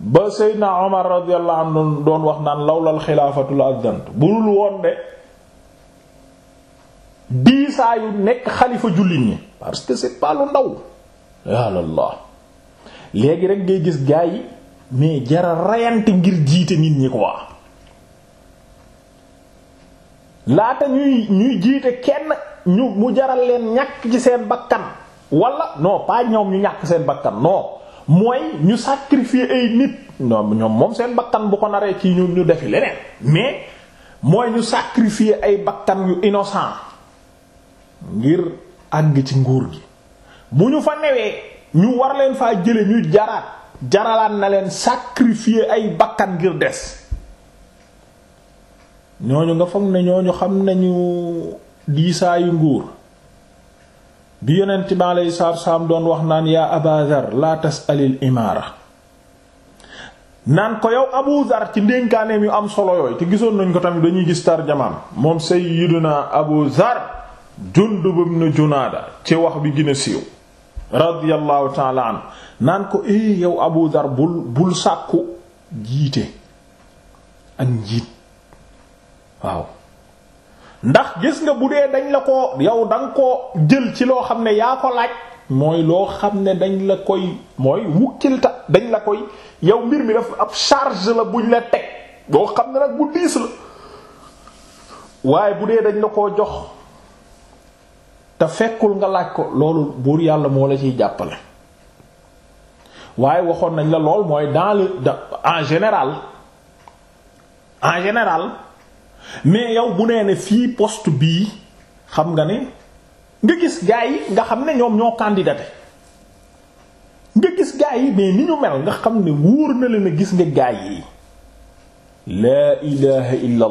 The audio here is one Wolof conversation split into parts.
ba Seydina Omar radiyallahu anhu doon wax naan lawlal xilaafatu la addant bu dul woon de diisaayu nekk xalifa jullit ñi parce que c'est pas lu ndaw yàlla léegi rek ngay gis gaa yi mais jara rayante ngir jiite nit ñi quoi laata ñuy jiite kenn ñu mu jaral leen ñàkk ci seen bakkan wala non pas ñoom ñu ñàkk seen bakkan non. mooy ñu sacrifier ay nit ñoom ñoom moom seen bakkan bu ko naree ci ñu ñu defi leneen mais mooy ñu sacrifier ay bakkan yu innocent ngir àgg ci nguur gi bu ñu fa newee ñu war leen faa jële ñu jaraat jaralaat na leen sacrifier ay bakkan ngir des ñooñu nga foog ne ñu xam nañu diisaayu nguur bi yonent bi aleyhi salaatu salaam doon wax naan yaa Aba Dhar laa tas'alil imaara naan ko yow Abu ci ndénkaaneem yu am solo yooyu te gisoon nañ ko tamit dañuy gis tarjamaam moom Sayyiduna Abu Dhar Jundub ibn Junaada ci wax bi gën siiw radiyallahu ta'ala naan ko eh yow Abu bul bul sàkku jiite ak njiit waaw ndax gis nga bu dee dañ la ko yow da nga koo jël ci loo xam ne yaa ko laaj mooy loo xam ne dañ la koy mooy wukkilta dañ la koy yow mbir mi dafa ab charge la buñ la teg boo xam ne nag bu diis la waaye bu dee dañ la ko jox te fekkul nga laaj ko loolu buur yàlla moo la ciy jàppale waaye waxoon nañ la lool mooy dans da en général en général mais yow bu nee ne fii poste bii xam nga ni nga gis gaa yi nga xam ne ñoom ñoo candidaté nga gis gaa yi mais ni ñu mel nga xam ne wóor na leen gis nga gaa yi laa ilaha illa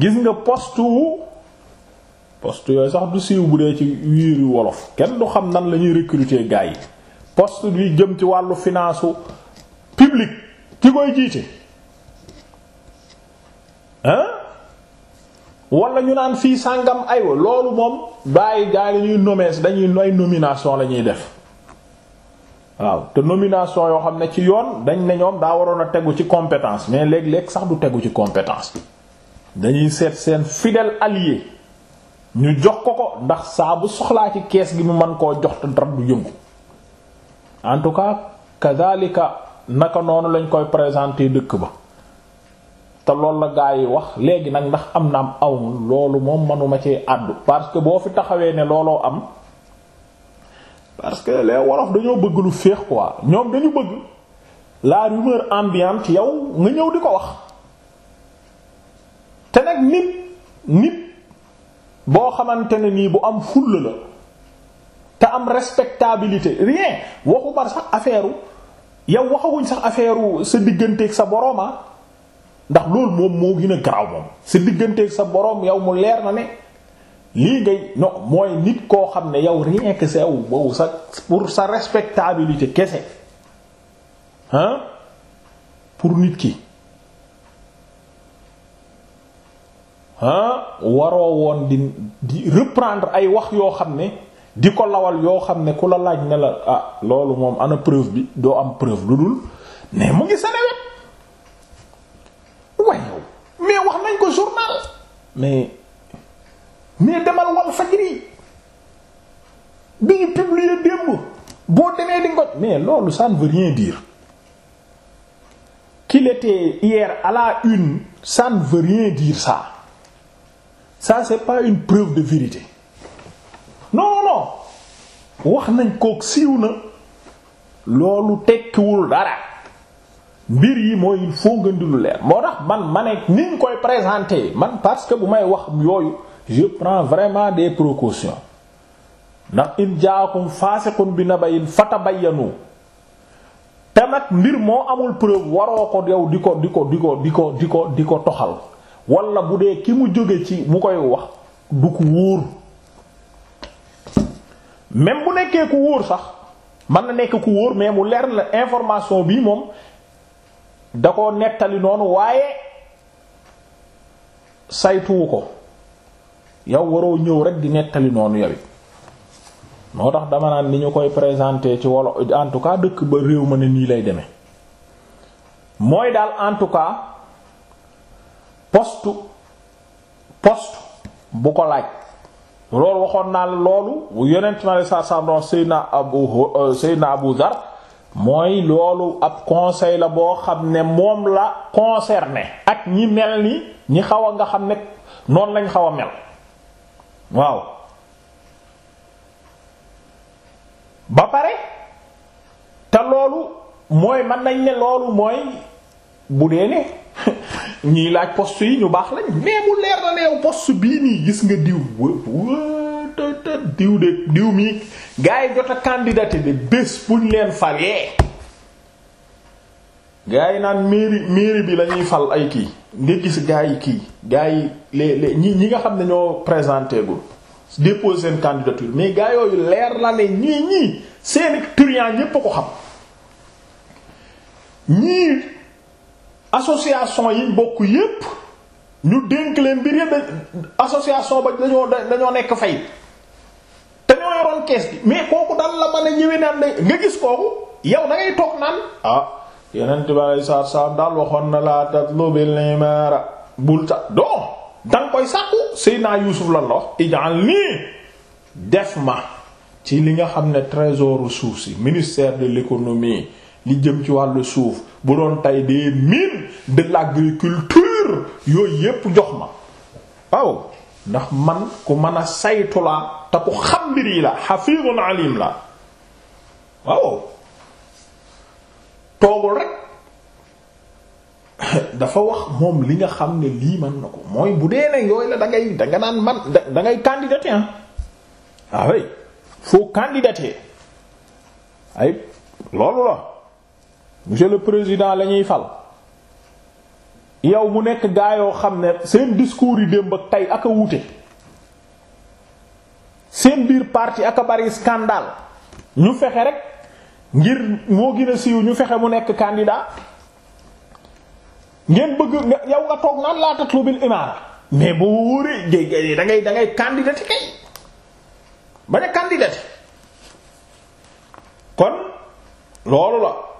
gis nga poste wu poste yooyu sax du siiw bu dee ci wiiri wolof kenn du xam nan lañuy ñuy gaa yi post bi jëm ci wàllu finance publique ki koy jiite war na ñu naan fii sàngam aywa loolu moom bàyyi gaa yi ñuy nommer dañuy ay nomination la ñuy def waaw te nomination yoo xam ne ci yoon dañ ne ñoom daa waroon a tegu ci compétence mais léeg-léeg sax du tegu ci compétence bi dañuy seet seen fidèle allié ñu jox ko ko ndax saa soxlaa ci kees gi mu mën koo jox te dara du yëngu en tout cas kadhalika naka noonu lañ koy présenter dëkk ba te loolu la gaa yi wax léegi nag ndax am na am awul loolu moom manuma ci àddu parce que boo fi taxawee ne looloo am parce que les wolof dañoo bëgg lu féex quoi ñoom dañu bëgg la rumeur ambiante yow nga ñëw di ko wax te nag nit nit boo xamante ne nii bu am fulla la te am respectabilité rien waxu bar sax affaire yow waxawuñ sax affaire sa digganteeg sa boroma ah. ndax loolu moom moo gina a garaaw moom diggante digganteeg sa boroom yow mu leer na ne lii ngay non mooy nit koo xam ne yow rien que sa boobu sa pour sa respectabilité kese hein pour nit ki ah waroo woon di di reprendre ay wax yoo xam ne di ko lawal yoo xam ne ku la laaj ne la ah loolu moom ana preuve bi doo am preuve lu dul mais mu ngi sa newet mais mais demal wal fajri bi ñu publier démb boo demee di ngoj mais loolu ça ne veut rien dire qu'il hier à la une ça ne veut rien dire ça ça c'est pas une preuve de vérité non wax nañ kook siiw na loolu tekkiwul dara mbir yi mooy il faut nga di lu leer moo tax man ma ne ni ñu koy présenter man parce que bu may wax yooyu je prends vraiment des précautions ndax in jaakum faasiqun bi nabayin fatabayyanu te nag mbir moo amul preuve waroo ko yow di ko di ko di ko di ko di ko di ko toxal walla bu dee ki mu jóge ci mu koy wax du ko wóor même mu nekkee ku wóor sax mën na nekk ku wóor mais mu leer na information bii moom da ko nettali noonu waaye saytuwu ko yow waroo ñëw rek di nettali noonu yow moo tax dama naan ni ñu koy présenter ci wala en tout cas dëkk ba réew ma ne nii lay demee mooy daal en tout cas poste poste bu ko laaj loolu waxoon naa la loolu yonent na la saa saa doon Seydina Abu euh, Seydina Abu Dhar mooy loolu ab conseil la boo xam ne moom la concerné ak ñi mel ni ñi xaw a nga xam ne noonu lañ xaw a mel waaw ba pare te loolu mooy mën nañ ne loolu mooy bu dee ne ñiy laaj poste yi ñu baax lañ mais mu leer na ne yow bii nii gis nga diw te te diw de diw mi gaa yi jot a candidaté de bés bu ñu leen falee gaa yi naan mairie mairie bi lañuy fal ay kii nga gis gaa yi kii gaa yi les les ñi ñi nga xam ne ñoo présenté gul déposer seen candidature mais gaa yooyu leer la ne ñii ñii seen turian ñépp a ko xam ñii association yi bokk yépp ñu dénk leen mbir yépp association ba dañoo dañoo nekk fay yoroon kees gi mais kooku dal yeneen tubaab yi saa saa daal waxoon na laa tatlubil imaara bul ta danga koy sàkku Seydina Yuusuf la wax ijaal nii def ma ci li nga xam ne trésor suuf si ministère de l'économie li jëm ci wàllu suuf bu doon tey des mines de l'agriculture yooyu yépp jox ma waaw ndax man ku mën a saytu laa te ku xam mbir yi la xafiidun alim la waaw toogul rek dafa wax moom li nga xam ne lii mën na ko mooy bu dee ne yooyu la da ngay da man da ngay candidater ah ah oui ay loolu la monsieur le président la fal. yow mu nekk gaa yoo xam ne seen discours yi démb ak tey ak a wuute seen biir parti ak a bari scandale ñu fexe rek ngir moo gën a siiw ñu fexe mu nekk candidat ngeen bëgg yow nga toog naan laa tatlu bil imaara mais boo wóoree dangay dangay dangay candidaté kay bañ a candidaté kon loolu la.